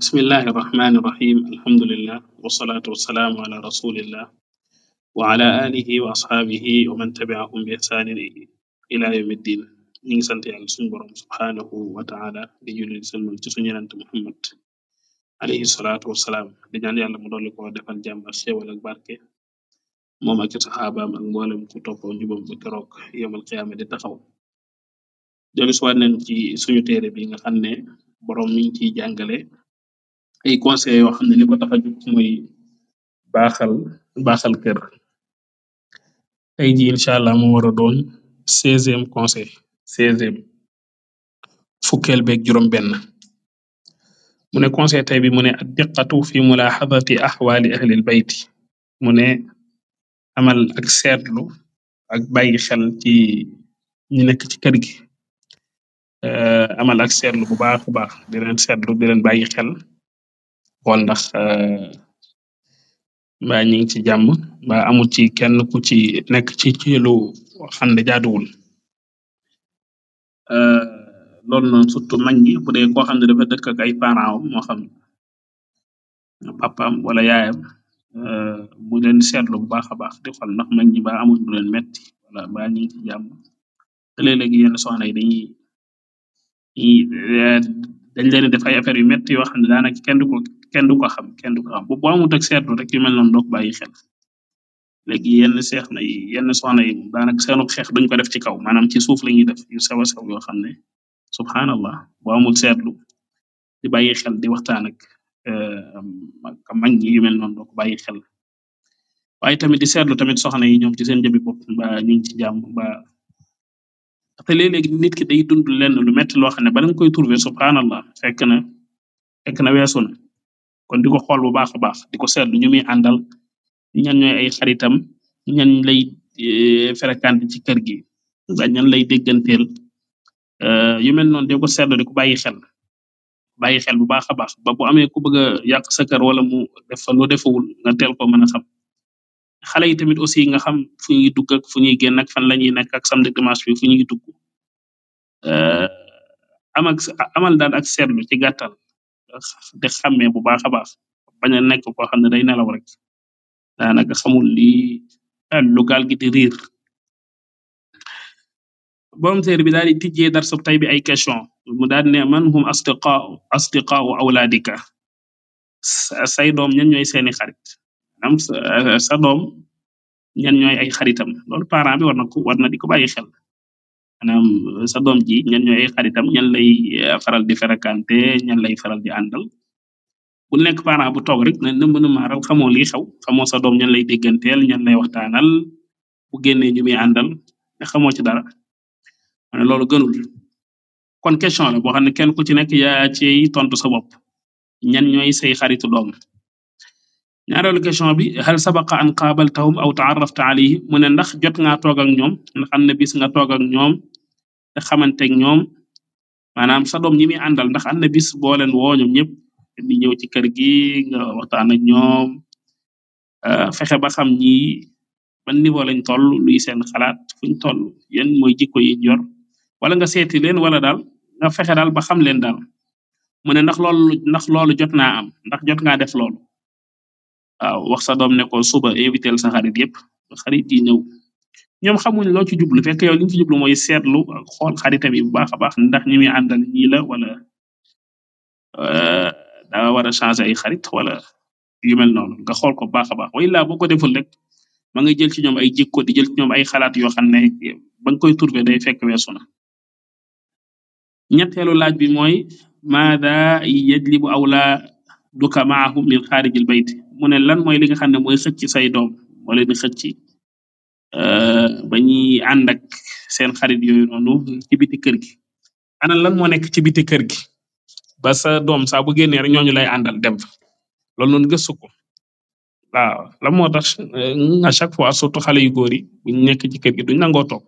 bismillahi irrahmani irrahim alhamdulilah wasalaatu wasalaamu ala rasulillah wa ala alihi wa asxaabihi wa man tabiahum bi ihsaanin ila yawmi ddin ñi ngi sant yàlla suñu boroom subhaanahu wa taala di julli di sëlmal ci suñu yenant muhammad alayhi salaatu wasalaam di yàlla mu dolli ko defal jàmm ak xéewal ak barke moom ak ci saxaabaam ak mboolem ku toppoo njubam ba keroog yowmal qiyaama di taxaw dellu si nañ ci suñu téere bi nga xam ne boroom mi ngi ciy jàngale ay conseils yoo xam ne ni ko tax a jóg mooy baaxal baaxal kër tey ji incha allah mu war a doon seizième conseil seizième fukkeel beeg juróom-benn mu ne conseil tey bi mu ne addiqatu fi mulaaxadati axwaali ahlil bayti mu ne amal ak seetlu ak bàyyi xel ci ñu nekk ci kër gi amal ak seetlu bu baax bu baax di leen seetlu di leen bàyyi xel. xool ndax %e mbaa ñi ngi ci jàmm mbaa amul ci kenn ku ci nekk ci ci lu xande jaaduwul %e loolu noonu surtout mañ ñi bu dee xam ne dafa dëkk ak ay parents :fra am moo xam papaam wala yaayam %e mu leen seetlu bu baax a baax di ndax mag ñi mbaa amuñ lu leen metti wala mbaa ñi ngi ci jàmm te léeg-léegi yenn soxna yi dañuy dañuy dañ leen def ay affaire yu metti yoo xam ne daanaka kenn ko. kenn du ko xam kenn du ko xam boo amut ak seetlu rek yu mel noonu doo ko bàyyi xel léegi yenn seex na yi yenn soxna yi daanaka seenu xeex duñ ko def ci kaw maanaam ci suuf lañuy def yu sew a yoo xam ne subhanallah boo amul seetlu di bàyyi xel di waxtaan ak ka eh, mag ñi mel noonu doo ko xel waaye tamit di seetlu tamit soxna yi ñoom ci seen jëmmi bopp ba ñu ngi ci jàmm ba a léeg-léeg nit ki day dund lenn lu metti loo xam ne ba nga koy trouver subhanallah fekk na fekk na weesu na kon di ko xool bu baax a baax di ko seetlu ñu muy àndal ñan ñooy ay xaritam ñan lay e, fréquenté ci kër gi ak ñan lay dégganteel e, yu mel noonu di ko seetlu di ko bàyyi xel bàyyi xel bu baax a baax ba bu amee ku bëgg a yàq sa kër wala mu def fa loo defawul nga teel ko mën a xam xale yi tamit aussi nga xam fu ñuy dugg ak fu ñuy génn ak fan la ñuy nekk ak samedi dimanche fi fu ñuy dugg e, am amal daal ak seetlu ci gàttal di xàmmee bu baax a baax bañ a nekk koo xam ne day law rek daanaka xamul lii ah, lu gaal gi di boom téere bi daal di tijjee dar sub tay bi ay question mu daal ne man hum asdiqaau asdiqaau awlaadika say doom ñan ñooy seeni xarit maanaam sa doom ñan ay xaritam loolu parent bi war na ko war na di xel maanaam sa doom ji ñan ñooy ay xaritam ñan lay eh, faral di ferakante ñan lay faral di àndal bu nekk parent bu toog rek na nëmb na maaral xamoo lii xew xamoo sa doom ñan lay dégganteel ñan lay waxtaanal bu génnee ñu muy àndal xamoo ci dara mane loolu gënul kon question la boo xam ne kenn ku ci nekk yaa ci tontu sa bopp ñan ñooy say xaritu doom ñaareelu question bi hal sabaqa an qaabaltahum aw taarafta alayhim mu ne ndax jot ngaa toog ak ñoom ndax am na bis nga toog ak ñoom te xamanteeg ñoom maanaam sa ñi muy àndal ndax am na bis boo leen woo ñoom ñëpp di ñëw ci kër gi nga waxtaan ak ñoom euh, fexe ba xam ñi ban niveau lañ toll luy seen xalaat fuñ toll yan mooy jikko yi yor wala nga seeti leen wala daal nga fexe daal ba xam leen daal mu ne ndax loolu ndax loolu jot naa am ndax jot ngaa def loolu. waaw wax sa doom ne ko suba éviter sa xarit yëpp xarit yi ñëw ñoom xamuñ loo ci jublu fekk yow li ñu ci jublu mooy seetlu xool xaritam bi bu baax a baax ndax ñi muy àndal ñii la wala euh, daa war a changer ay xarit wala yu mel noonu nga xool ko baax a baax way la boo ko deful rek ma nga jël ci ñoom ay jikko di jël ci ñoom ay xalaat yoo xam ne ba nga koy trouver day fekk weesu na ñetteelu laaj bi mooy maada yajlibu awlaaduka maahum min xaarijil bayti mu lan mooy li nga xam ne mooy xëcc say doom moo leen di xëcc euh, ba ñuy ànd ak seen xarit yooyu noonu ci biti kër gi ana lan moo nekk ci biti kër gi ba sa doom saa bu génnee rek ñooñu lay àndal dem fa loolu noonu gëstu ko waaw lan moo tax euh, à chaque fois surtout xale yu góor buñ nekk ci kër gi duñ nangoo toog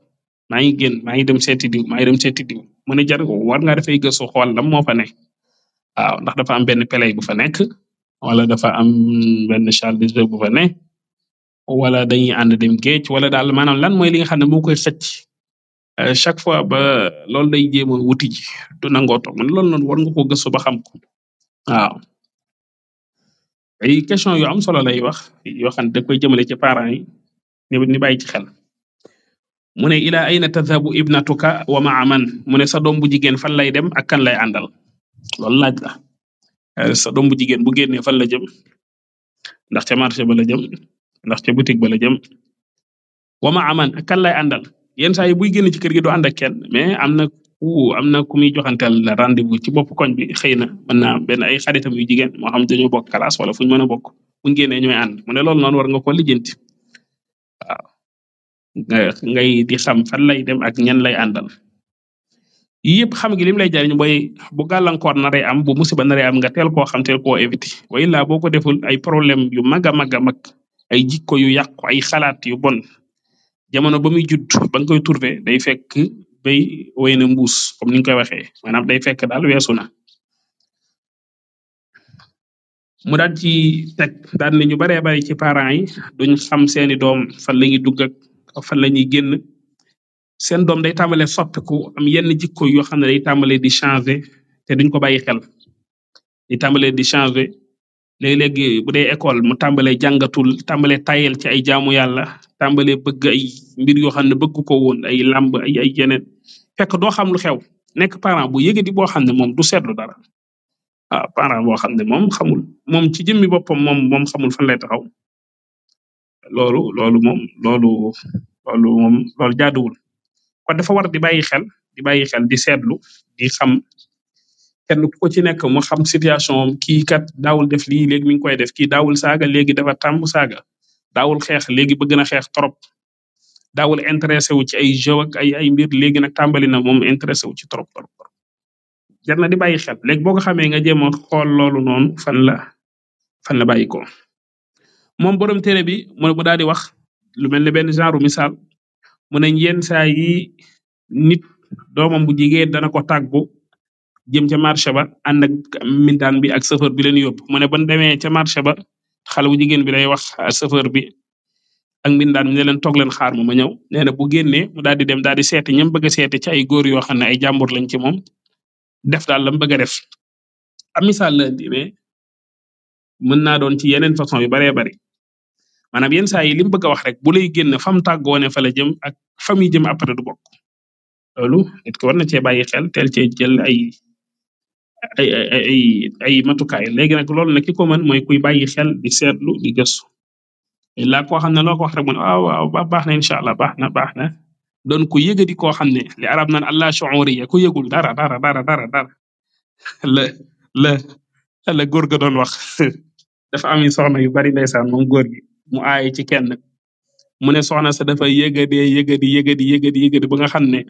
maa ngi génn maa ngi dem seeti diw dem seeti diw mu ne jar war ngaa dafay gëstu xool lan moo fa ne waaw ndax dafa am benn peley bu fa nekk wala dafa am benn charle de bu fa ne wala dañuy ànd dem géej wala daal maanaam lan mooy li nga xam ne moo koy xëcc euh, chaque fois ba loolu day jéem a wuti ji du nangoo toog man loolu noonu war nga ko gëstu ba xam ko waaw. ay question yu am solo lay wax yoo xam ne da koy jëmale ci parents yi ni bàyyi ci xel. mu ne ila ayna tadhabu ibnatuka wa ma aman mu ne sa doom bu jigéen fan lay dem ak kan lay àndal loolu laaj la. Eh, sa doom bu jigéen bu génnee fan la jëm ndax ca marché ba la jëm ndax ca boutique ba la jëm wama aman ak kan lay àndal yenn saa yi buy génn ci kër gi du ànd ak kenn mais am na ku am na ku muy joxanteel la rendez-vous ci bopp koñ bi xëy na mën naa benn ay xaritam yu jigéen moo xam dañoo bokk classe wala fu ñu mën a bokk buñ génnee ñooy ànd mo ne loolu noonu war nga ko lijjanti waaw ngay di xam fan lay dem ak ñan lay àndal yii yëpp xam gi lim lay jariñ mooy bu gàllankoor naree am bu musiba naree am nga tel koo xam teel koo éviter way laa boo ko deful ay problème yu mag a mag a mag ay jikko yu yàqu ay xalaat yu bon jamono ba muy judd ba nga koy trouver day fekk bay way na mbuus comme ni nga koy waxee maanaam day fekk daal weesu na. mu daal ci teg daal ne ñu baree bari ci parent yi duñ xam seeni doom fan la ñuy dugg ak fan la ñuy génn. seen doom day tàmbalee soppiku am yenn jikko yoo xam ne day tàmbalee di changer te duñ ko bàyyi xel di tàmbalee di changer léeg-léeg bu dee école mu tàmbalee jàngatul tàmbalee tayel ci ay jaamu yàlla tàmbalee bëgg ay mbir yoo xam ne bëgg ko woon ay làmb ay ay yeneen fekk doo xam lu xew nekk parent bu yëge di boo xam ne moom du seetlu dara ah parent boo xam ne moom xamul moom ci jëmmi boppam moom moom xamul fan lay taxaw loolu loolu moom loolu loolu moom loolu kon dafa war di xel di bàyyi xel di seetlu di xam kenn ku ci nekk mu xam situation am kii kat daawul def lii léegi mi ngi koy def kii daawul saaga léegi dafa tàmm saaga daawul xeex léegi bëgg na xeex trop daawul intéressé wu ci ay jeu ak ay mbir léegi nag tàmbali na moom intéressé wu ci trop trop trop jar na di bàyyi xel léegi boo ko xamee nga jéem a xool loolu noonu fan la fan la bàyyi ko moom borom téere bi mu daal di wax lu mel genre misaal mu ne yenn saa yi nit doomam bu jigéen dana ko tàggu jëm ca marché ba ànd ak mindaan bi ak chauffeur bi leen yóbbu mu ne ban demee ca marché ba xale bu jigéen bi lay wax chauffeur bi ak mbindaan mi ne leen toog leen xaar ma ma ñëw nee na bu génnee mu daal di dem daal di seeti ñam bëgg seete seeti ci ay góor yoo xam ne ay jàmbur lañ ci moom def daal lam bëgg a def am misaal la di ne mën naa doon ci yeneen façon yu baree bari maanaam yenn saa yi li mu bëgg a wax rek bu lay génn fam tàggoo ne fa la jëm ak fam yi jëm après du bokk loolu nit ki war na cee bàyyi xel teel cee jël ay ay ay ay matukaay léegi nag loolu nag ki ko mën mooy kuy bàyyi xel di seetlu di gëstu laa koo xam ne loo ko wax rek mu ne ah, waaw waaw baax na incha allah baax na baax na doon ku koo xam ne li arab naan allah shuuriya ku yëgul dara dara dara dara dara la góor ga doon wax dafa am soxna yu bari ndeysaan moom góor gi mu aay ci kenn mu ne soxna sa dafa yëgadee yëgadi yëgadi yëgadi yëgadi ba nga xam ne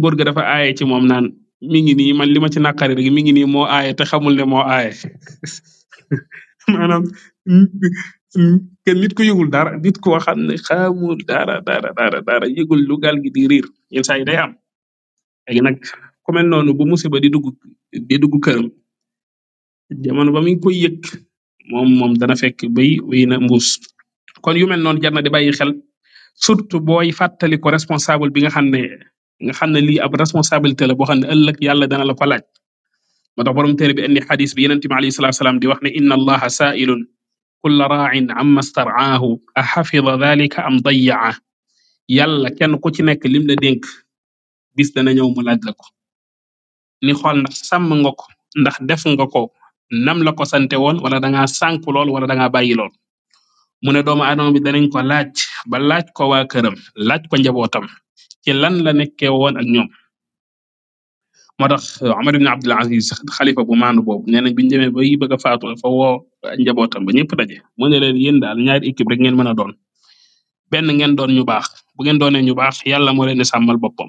góor ga dafa aaye ci moom naan mi ngi nii man li ma ci naqari rek mi ngi nii moo aaye te xamul ne moo aaye maanaam kenn nit ko yëgul dara nit koo xam ne xamul dara dara dara dara yëgul lu gaal gi di riir yenn saa yi day am léegi nag ku mel noonu bu musiba di dug di dugg këram jamono ba muy koy yëg moom moom dana fekk bëy wéy na mbuus kon yu mel noonu jar na di bàyyi xel surtout booy fàttali ko responsable bi nga xam ne nga xam ne lii ab responsabilité la boo xam ne ëllëg yàlla dana la ko laaj moo tax borom téere bi indi xadis bi yenente bi alayhi salatu salaam di wax ne inna allaha sa'ilun kulla ra'in amma star'aahu a xafida dhalika am daya'a yàlla kenn ku ci nekk lim la dénk bis dana ñëw mu laaj la ko ni xool ndax sàmm nga ko ndax def nga ko nam la ko sante woon wala da ngaa sànk lool wala da ngaa bàyyi lool mu ne doomu aadama bi danañ ko laaj ba laaj ko waa këram laaj ko njabootam ci lan la nekkee woon ak ñoom moo tax Omar ibn Abdul Aziz xalifa bu maandu boobu nee nañ bi ñu demee ba yi bëgg a faatu dafa woo njabootam ba ñëpp daje mu ne leen yéen daal ñaari équipe rek ngeen mën a doon benn ngeen doon ñu baax bu ngeen doonee ñu baax yàlla moo leen di sàmmal boppam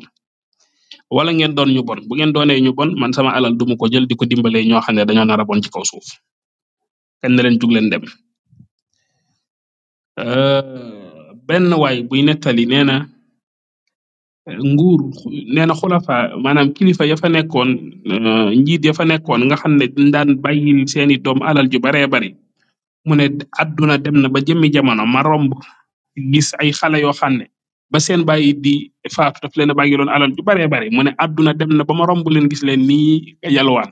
wala ngeen doon ñu bon bu ngeen doonee ñu bon man sama alal duma ko jël dimbale ko dimbalee ñoo xam ne dañoo nar a bon ci leen jug leen dem euh, benn waay buy nettali nee na nguur nee na xulafa maanaam kilifa ya fa nekkoon euh, njiit ya fa nekkoon nga xam ne dañ daan bàyyil seeni doom alal ju baree bari mu ne àdduna dem na ba jëmmi jamono ma romb gis ay xale yoo xam ne ba seen bàyyi di faatu daf leen a bàyyiloon alal ju baree bare mu ne àdduna dem na ba ma romb leen gis leen nii yalwaan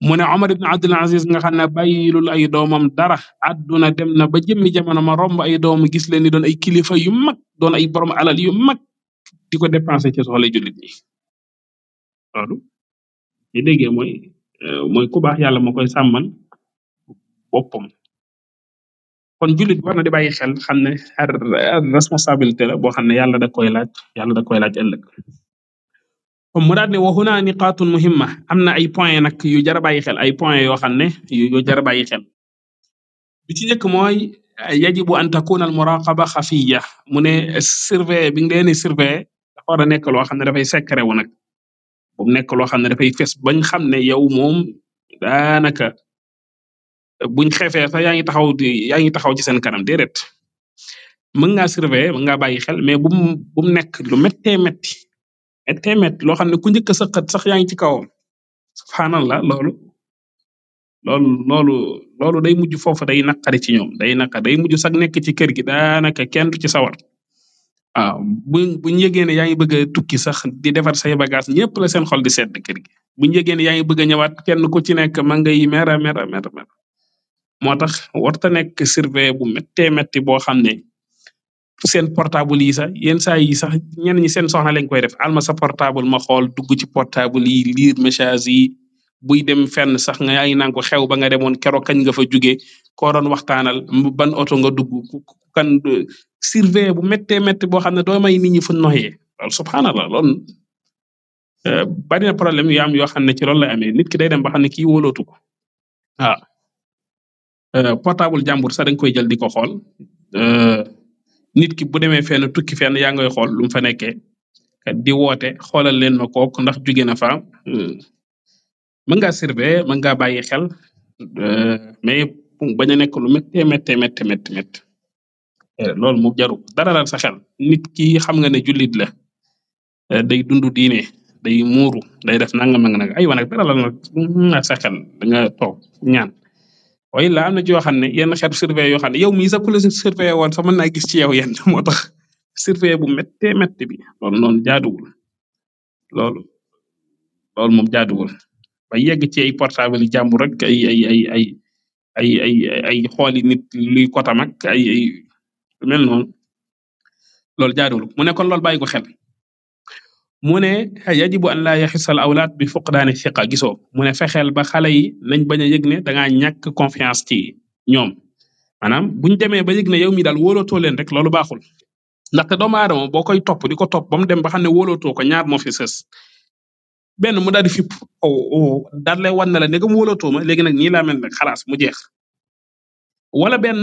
mu ne Omar ibn Abdul Aziz nga xam ne bàyyilul ay doomam dara àdduna dem na ba jëmmi jamono ma romb ay doom gis leen ni doon ay kilifa yu mag doon ay borom alal yu mag di ko dépensé ci soxla jullit ñi loolu li déggee mooy euh, mooy ku baax yàlla moo koy sàmmal kon jullit war na di bàyyi xel xam ne ar responsabilité la boo xam ne yàlla da koy laaj yàlla da koy laaj ëllëg kon mu daal ne wa huna niqaatun muhimma am na ay point nag yu jar a bàyyi xel ay point yoo xam ne yu jar a bàyyi xel bi ci njëkk mooy yajibu an takuna al muraqaba xafiya mu ne surveiller bi nga leen surveiller dafa war a nekk loo xam ne dafay secret wu nag bu mu nekk loo xam ne dafay fes bañ xam ne yow moom daanaka buñ xeefee sax yaa ngi taxaw yaa ngi taxaw ci seen kanam déedéet mën ngaa surveiller mën ngaa bàyyi xel mais bu mu bu mu nekk lu méttee métti méttee métti loo xam ne ku njëkk a sëqat sax yaa ngi ci kawam subhaanallah loolu loolu loolu loolu day mujj foofu day naqari ci ñoom day nakk day mujj sax nekk ci kër gi daanaka kenn du ci sawar waaw buñ buñ yëgee ne yaa ngi bëgg a tukki sax di defar yi bagage ñëpp la seen xol di sedd kër gi buñ yëgee ne yaa ngi ñëwaat kenn ku ci nekk ma ngay mer a moo tax warta nekk surveiller bu méttee métti boo xam ne seen portable yi sax yenn saa yi sax ñenn ñi seen soxna lañ koy def alma sa portable ma xool dugg ci portable yi lire message yi buy dem fenn sax nga yaa ngi naan ko xew ba nga demoon keroog kañ nga fa jóge koo doon waxtaanal ban oto nga dugg kan surveiller bu méttee métti boo xam ne doo may nit ñi fu noyee loolu subhanallah euh, bari na problème yu am yoo xam ne ci loolu lay amee nit ki day dem ba xam ne kii wóolootu ko Euh, portable jàmbur sax da koy jël di ko xool euh, nit ki bu demee fenn tukki fenn yaa ngay xool lu fa nekkee di woote xoolal leen ma kook ndax jóge na fa euh, mën ngaa surveiller mën ngaa bàyyi xel mais bañ a nekk lu méttee méttee méttee méttee méttee mu jaru dara daal sa xel nit ki xam nga ne jullit la day dund diine day muuru day def nangam ak nag aywa nag dara daal sa xel da nga ñaan. way la am na ci yoo xam ne yenn xeetu surveillé yoo xam ne yow mii sax ku la surveillé woon sax mën naa gis ci yow yenn moo tax surveillé bu méttee métti bi loolu noonu jaaduwul loolu moom jaaduwul ba yegg ci ay portable yi jàmbur rek ay ay ay ay ay ay ay xooli nit luy kotam ak ay ay mel noonu loolu jaaduwul mu ne kon loolu bàyyi ko xel mu ne yajibu an laa yaxisal awlaad bi fuqdaani siqa gisoo mu ne fexeel ba xale yi nañ bañ a yëg ne dangaa ñàkk confiance ci ñoom maanaam buñ demee ba yëg ne yow mi daal wóolootoo leen rek loolu baaxul ndaxte doomu aadama boo koy topp di ko topp ba mu dem ba xam ne wóolootoo ko ñaar moo fi sës benn mu daal di fipp o oh, oh, daal lay wan ne la ndegam wóolootoo ma léegi nag ñii laa mel nag xalaas mu jeex wala benn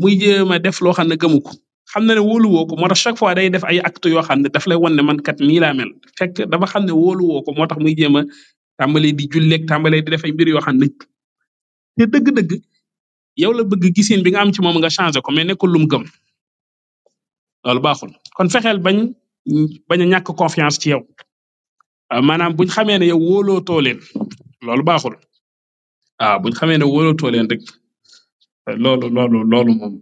muy jéem ma def loo xam ne gëmu ko xam na ne wóolu woo ko moo chaque fois day def ay actes yoo xam ne daf lay wan ne man kat nii laa mel fekk dafa xam ne wóolu woo ko moo tax muy jéem a tàmbalee di julleeg tàmbalee di def ay mbir yoo xam ne te dëgg-dëgg yow la bëgg gisin bi nga am ci moom nga changé ko mais ne lum gëm loolu baaxul kon fexeel bañ bañ a ñàkk confiance ci yow ah, maanaam buñ xamee ne yow wóolootoo leen loolu baaxul waaw ah, buñ xamee ne wóolootoo leen rek loolu loolu loolu moom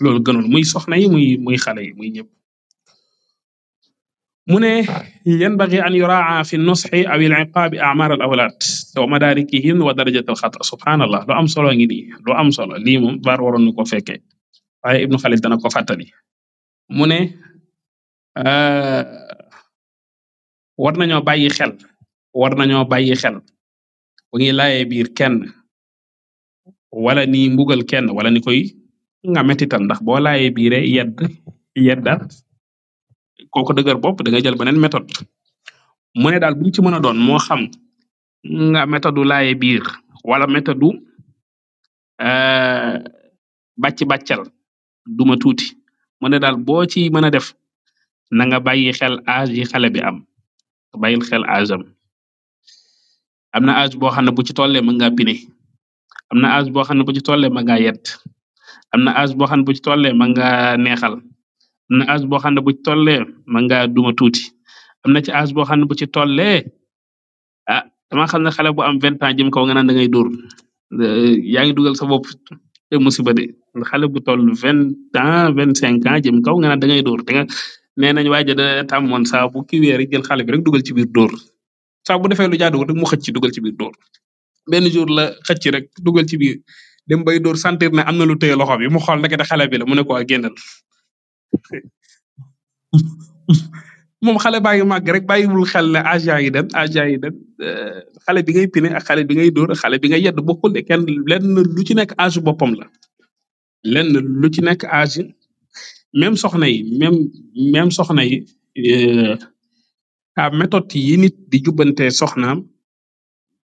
loolu gënul muy soxna yi muy muy xale yi muy ñëpp mu ne yanbaghi an yuraa fi nusxi aw al-iqaabi a'maar al-awlaad wa madaarikihin wa darajat al-xata subhaanallah lu am solo ngi nii lu am solo lii moom baar waroon na ko fekkee waaye Ibnu Xalid dana ko fàttali mu ne war nañoo bàyyi xel war nañoo bàyyi xel bu ngi laayee biir kenn wala ni mbugal kenn wala ni koy nga metital ndax boo laayee biir yedd yeddaat kooku dëgër bopp da nga jël beneen méthode mu ne daal bu mu ci mën a doon moo xam nga méthode du laaye biir wala méthode du euh, bàcc bàccal duma tuuti mu ne daal boo ci mën a def na nga bàyyi xel âge yi xale bi am nga xel âge am am na âge boo xam ne bu ci tollee mën nga pine na âge boo xam ne bu ci tollee mën am na âge boo xam ne bu ci tollee mën nga neexal am na âge boo xam ne bu ci tollee mën nga duma tuuti am na ci âge boo xam ne bu ci tollee ah dama xam ne xale bu am vingt ans jëm kaw nga naan da ngay dóor yaa ngi dugal sa bopp te musiba de xale bu toll vingt ans vingt cinq ans jëm kaw nga naan da ngay dóor te nga nee nañ waaye ja da tàmmoon saa bu kii weer jël xale bi rek dugal ci biir dóor saa bu defee lu jaaduwul rek mu xëcc ci dugal ci biir dóor jour la xëcc rek dugal ci dem bay door sentir ne am na lu téye loxo bi mu xool ndekete xale bi la mu ne ko génnal moom xale baa màgg rek bàyyiwul xel ne âge yaa ngi dem âge yaa ngi xale bi ngay pine xale bi ngay door xale bi ngay yedd bokkul de kenn lenn lu ci nekk âge boppam la len lu ci nekk âge même soxna yi même même soxna yi ah méthode yi yinit di jubbante soxnaam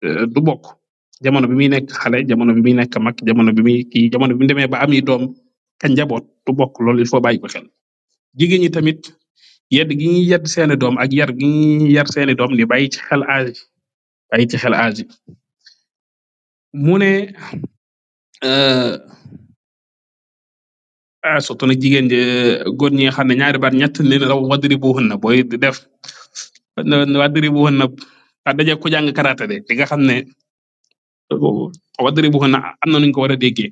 euh, du bokk jamono bi muy nekk xale jamono bi muy nekk mag jamono bi muy kii jamono bi mu demee ba ami doom ka njaboot du bokk loolu il faut bay ko xel jigéen ñi tamit yedd gi ñuy yedd seeni doom ak yar gi yar seeni doom ni bàyyi ci xel âge bàyyi ci xel âge mu ne euh, ah surtout nag jigéen ji euh, góor ñi nga xam ne ñaari baat ñett nee na wadri bu woon na booy wadri bu a ah, daje ku jàng karaté de wadribuhunna am na a ko war a déggee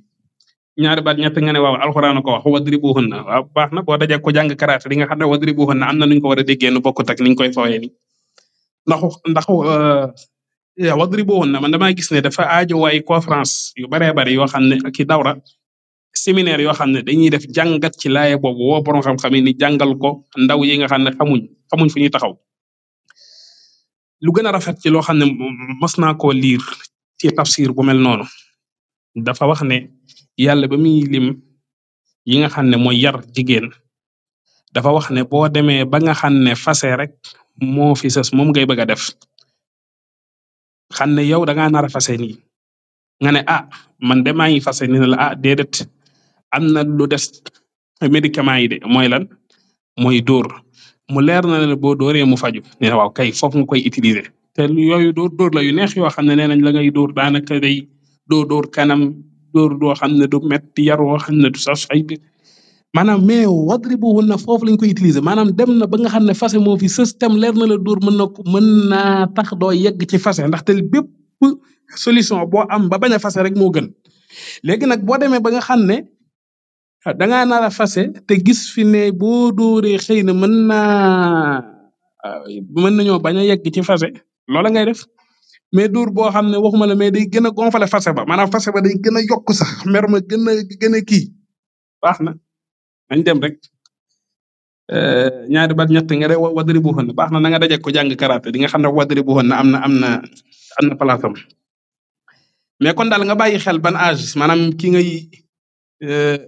ñaari baat ñett nga ne waaw alxuraan ko wax wadribuhunna waaw baax na boo dajee ko jàng karaate li nga xam ne wadribuhunna am na a déggee nu bokkut ak niñ koy fooyee ni euh, man damaa gis ne dafa aajo ay conférence yu baree bari yoo xam ne ak i dawra séminaire yoo xam ne dañuy def jàngat ci laaye boobu woo borom xam-xam yi ni jàngal ko ndaw yi nga xam ne xamuñ xamuñ fu ñuy taxaw lu gën rafet ci xam ne mos naa koo liir ci tafsir bu mel noonu dafa wax ne yàlla ba muy lim yi nga xam ne mooy yar jigéen dafa wax ne boo demee ba nga xam ne fase rek moo fi sës moom ngay bëgg a def xam ne yow da ngaa nar a fase nii nga ne ah man de maa ngi fase ni la ah déedéet am na lu des médicament yi de mooy lan mooy dóor mu leer na ne boo dóoree mu faju ne waaw kay foofu nga koy utiliser. te yooyu dóor dóor la yu neex yoo xam ne nee nañ la ngay dóor daanaka day doo door kanam dóor doo xam ne du metti yar woo xam ne du saf ay maanaam mais wadribuhunna foofu lañ koy utiliser maanaam dem na ba nga xam ne fase moo fi système leer na la dóor mën na ko mën naa tax doo yegg ci fase ndaxte bépp solution boo am ba bañ a fase rek moo gën léegi nag boo demee ba nga xam ne dangaa nar a fase te gis fi ne boo dóoree xëy na mën naa mën nañoo bañ a yegg ci fase loola ngay def mais dóor boo xam ne waxuma la mais day gën a gonfale fase ba maanaam fase ba day gën a yokk sax mer ma gën a gën a kii baax na nañ dem rek eh, ñaari bat ñett nga de wadari bu xon baax na na nga daje ko jàng karaté di nga xam ne wadari bu xon na am na am na am na place kon daal nga bàyyi xel ban âge maanaam ki ngay eh,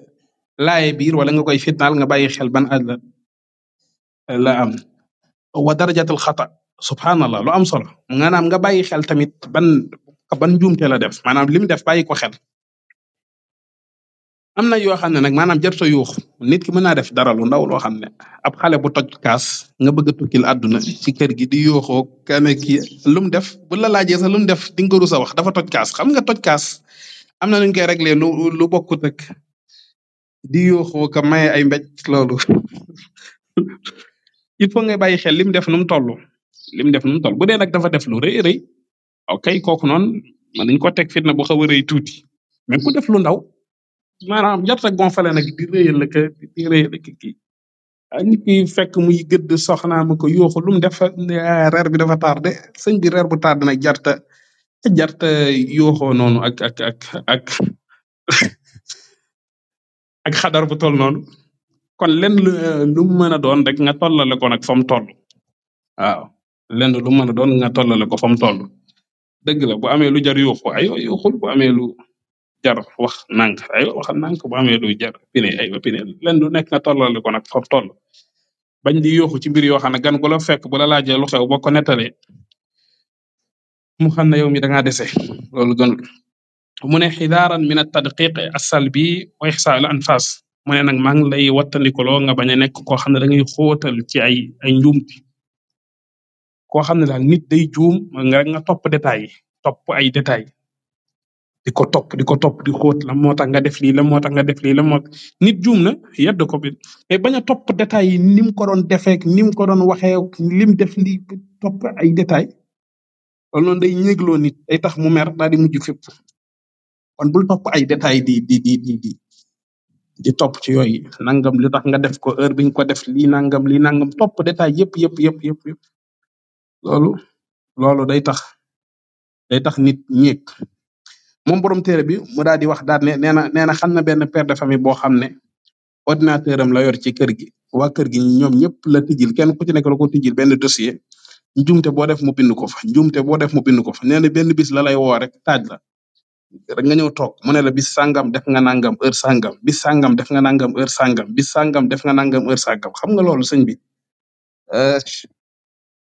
laaye biir wala nga koy fitnaal nga bàyyi xel ban âge la la am wa darajatul xata subhanallah lu am solo maanaam nga bàyyi xel tamit ban ban njuumte a def maanaam li mu def bàyyi ko xel. am na yoo xam ne nag maanaam jarto yuux nit ki mën naa def dara lu ndaw loo xam ne ab xale bu toj kaas nga bëgg a tukkil àdduna ci kër gi di yuuxoo kane ki lu mu def bu la laajee sax lu mu def di nga rus wax dafa toj kaas xam nga toj kaas am na nuñ koy réglé lu lu bokkut ak di yuuxoo ka maye ay mbéj loolu il faut nga bàyyi xel li mu def nu mu toll li mu def nu mu toll bu dee nag dafa def lu rëy rëy ok kooku noonu mën nañu ko teg fitna bu xaw a rëy tuuti mais ku def lu ndaw maanaam jot a gonfale nag di ah, fekk muy gëdd soxnaam ko yooxu lu mu def ah, reer bi dafa tardé sëñ bi reer bu tardé nag jarta jarta yooxoo noonu ak ak ak ak ak xadar bu toll noonu kon lenn lu mu mën a doon rek nga tollale ko nag fa mu toll waaw lenn lu mën a doon nga tollale ko fa mu tol dëgg la bu amee lu jar yuuxu ayo yuuxul bu amee lu jar wax nànk ayo waxal nànk bu amee lu jar pine ayo pine lenn lu nekk nga tollale ko nag fa mu toll bañ di yuuxu ci mbir yoo xam ne gan gu la fekk bu la laajee lu xew boo ko nettalee mu xam ne yow mi dangaa dese loolu gënul mu ne xidaaran min at-tadqiq as-salbi wa ihsa' al-anfas mu ne nag maa ngi lay wattandikuloo nga bañ nekk koo xam ne da ngay ci ay ay njuumti koo xam ne daal nit day juum nga nga topp détails yi topp ay détails di ko topp di ko topp di xóot la moo tax nga def lii la moo tax nga def lii la moo nit juum na yedd ko bi mais top a topp yi ni mu ko doon defeek ni mu ko doon waxee lim def lii topp ay détails loolu noonu day ñégloo nit ay tax mu mer daal di mujj fépp kon bul topp ay détails di di di di di di topp ci yooyu nangam li tax nga def ko heure bi ko def lii nangam li nangam topp détails yëpp yëpp yëpp yëpp yëpp loolu loolu day tax day tax nit ñéeg moom borom téere bi mu daal di wax daal ne nee na nee na xam na benn père de famille boo xam ne ordinateur am la yor ci kër gi waa kër gi ñoom ñëpp la tijjil kenn ku ci nekk la ko tijjil benn dossier njumte boo def mu bind ko fa njumte boo def mu bind ko fa nee na benn bis la lay woo rek taaj la rek nga ñëw toog mu ne la bis sangam def nga nangam heure sangam bis sangam def nga nangam heure sangam bis sangam def nga nangam heure xam nga loolu sëñ bi euh,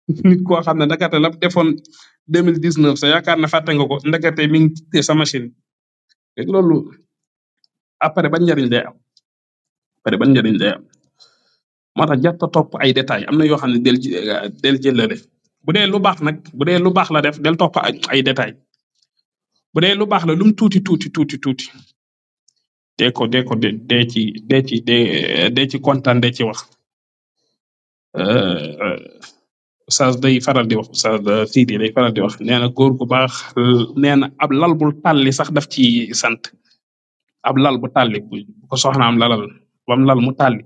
nit xam ne ndakate la defoon deux mille dix neuf sa yaakaar ne fàtte nga ko ndakate mi ngi te sa machine léegi loolu après ban njariñ day am après ban njariñ day am moo topp ay détails am na yoo xam ne del del jël la def bu dee lu baax nag bu dee lu baax la def del topp ay détails bu dee lu baax la lum tuuti tuuti tuuti tuuti dee ko dee ko dee ci dee ci dee ci kontaan dee ci wax. Euh, euh. oustaz day faral di wax oustaz Sidi day faral di wax nee na góor gu baax nee na ab lal bul tàlli sax daf ci sant ab lal bu tàlli bu ko soxnaam lalal bam lal mu tàlli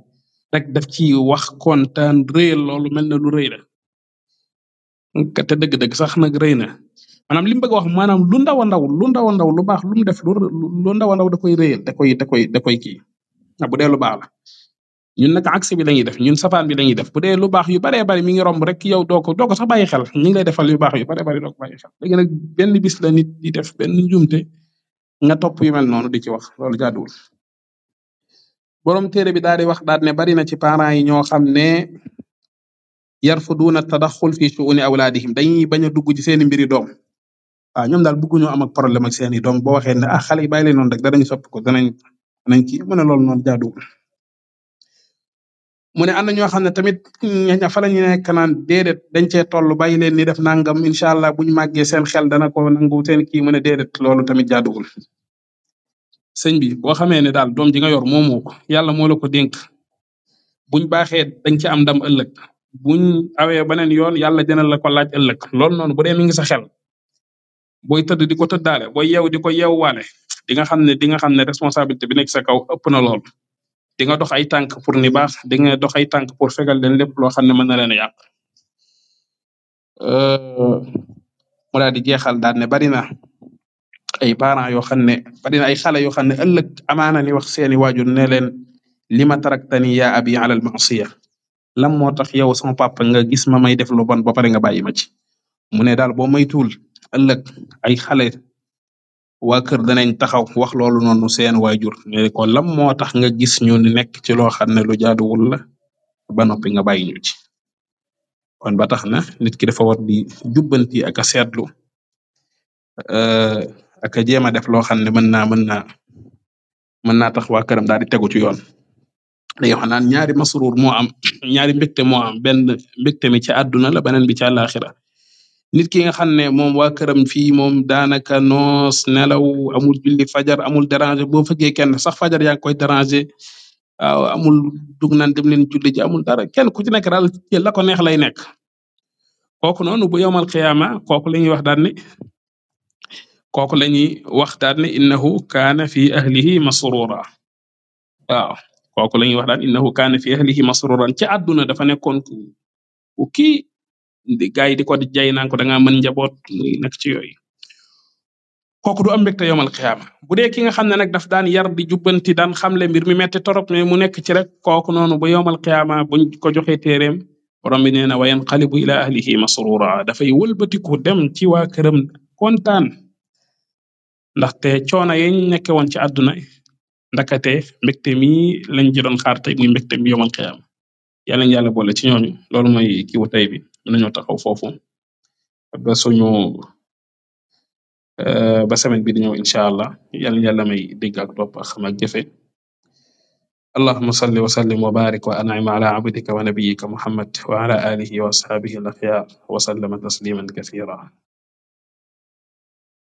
rek daf ci wax kontaan réel loolu mel na lu rëy la te dëgg-dëgg sax nag rëy na maanaam li mu wax maanaam lu ndaw ndaw lu ndaw ndaw lu baax lu mu def lu ndaw ndaw da koy réyal da koy da koy da koy kii baax ñun nag axe bi lañuy def ñun safaan bi lañuy def bu dee lu baax yu bare bari mi ngi romb rek yow doo ko doo ko sax bàyyi xel ñu ngi lay defal yu baax yu baree bari doo ko bàyyi xel léegi nag benn bis la nit di benn njuumte nga topp yu mel noonu di ci wax loolu jaaduwul. borom téere bi daal di wax daal ne bari na ci parents yi ñoo xam ne yarfuduuna tadaxul fi shu'uni awlaadihim dañuy bañ a dugg ci seeni mbiri doom a ñoom daal bëgguñoo am ak problème ak seeni doom boo waxee ne ah xale yi bàyyi leen noonu rek danañ sopp ko danañ danañ ci mu ne lool noon jaaduwul mu ne am na ñoo xam ne tamit ña fa la ñu nekk naan déedéet dañ cee toll bàyyi leen ni def nangam incha allah bu ñu màggee seen xel dana ko nangu seen kii mu ne déedéet loolu tamit jaaduwul. bi boo xamee ne daal doom ji nga yor moomoo ko yàlla moo la ko dénk buñ baaxee dañ ci am ndam ëllëg buñ awee beneen yoon yàlla dina la ko laaj ëllëg loolu noonu bu dee mi ngi sa xel. booy tëdd di ko tëddaale booy yeew di ko yeewwaale di nga xam ne di nga xam ne responsabilité bi nekk sa kaw ëpp na lool di nga dox ay tànk pour ni baax di nga dox ay tànk pour fegal leen lépp loo xam ne mën na leen a yàq euh, mu daal di jeexal daal ne bari na ay parents yoo xam ne bari na ay xale yoo xam ne ëllëg amaana ni wax seeni waajur ne leen lima taraktani ya abi ala al ma'siya lan moo tax yow sama papa nga gis ma may def lu bon ba pare nga bàyyi ma ci mu ne daal boo maytuul ëllëg ay xale waa kër danañ taxaw wax loolu noonu seen waajur ne ko lam moo tax nga gis ñu nekk ci loo xam ne lu jaaduwul la ba noppi nga bàyyi ñu ci kon ba tax na nit ki dafa war di jubbanti ak a seetlu eh, ak a jéem a def loo xam ne mën naa mën naa mën naa tax waa këram daal di tegu ci yoon day wax naan ñaari masruur moo am ñaari mbégte mo am benn mbégte mi ci àdduna la beneen bi ci àllaaxira nit ki nga xam ne moom waa këram fii moom daanaka noos nelaw amul julli fajar amul déranger boo fekkee kenn sax fajar yaa ngi koy déranger waaw amul dug naan dem leen julli ji amul dara kenn ku ci nekk daal neex lay nekk kooku noonu bu a qiyaama kooku la wax daan ne kooku la ñuy wax daan ne innahu kaana fi ahlihi masrura waaw kooku la ñuy wax daan innahu kaana fi ahlihi masruran ci àdduna dafa nekkoon ku kii di gars yi di ko jay naan ko da ngaa mën njaboot muy ci yooyu kooku du am mbégte yomal xiyaama bu dee ki nga xam ne nag daf daan yar di jubbanti daan le mbir mi metti torop mais mu nekk ci rek kooku noonu ba yomal xiyaama buñ ko joxee téereem borom bi nee na wa yanqalibu ila ahlihi masrura dafay wëlbatiku dem ci waa këram kontaan ndaxte coono yeñ nekke woon ci àdduna ndakate mbégte mi lañ ji doon xaar tey muy mbégte mi yomal xiyaama yàlla ñu yàlla boole ci ñooñu loolu mooy kiwu tey bi dinañu taxaw foofu ba suñu eh, ba semaine bi di ñëw incha allah yàlla na yàlla may dégg ak topp ak xam ak jëfe اللهم صل وسلم وبارك وأنعم على عبدك ونبيك محمد وعلى آله وأصحابه الأخيار وسلم تسليما